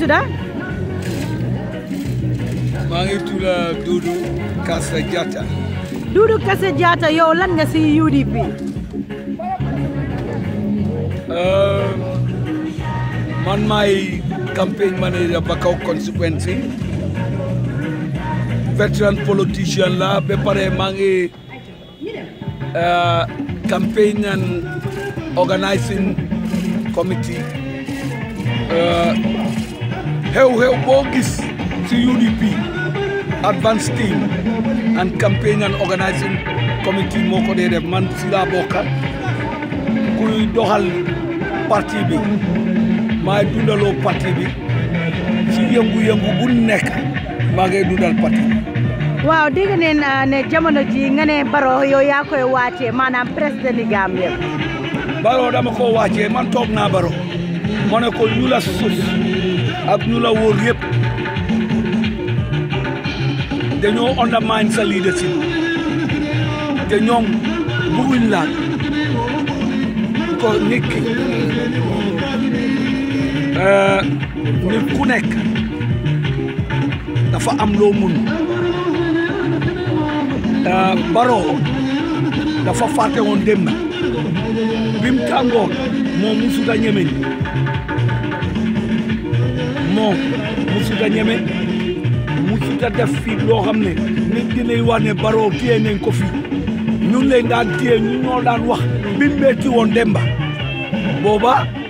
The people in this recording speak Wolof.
చూడా maa ngi tudd Doudou Kassé Diatta. Doudou Kassé Diatta yow lan nga si UDP. Ehm, man maay campaign manager Bakau constituency veteran politician la ba pare maa ngi eh, campaign and organizing committee xew-xew boo gis ci UDP advance team and campaign and organizing committee moko dede man ci laa bokk kuy doxal parti bi maay dundalo parti bi ci yëngu-yëngu bu nekk maa ngay dundal parti bi waaw dégg neen ah, ne jamono ji nga ne Barrow yow yaa koy wàccee maanaam président di Gambie dama ko wàccee man toog naa baro ma ne ko ñu la ak ñu la wóor yëpp dañoo undermine sa leadership te ñoom bëgguñ laal ko nit ki eh, nit ku nekk am loo mun eh, Barrow dafa fàtte woon démb bi mu tàngoon non musuta ñeme musuta def fii loo xam ne nit dinay wax ne Barrow téye nañ ko fii ñun lañ daan téye ñu ñoo daan wax bi mu metti woon Demba booba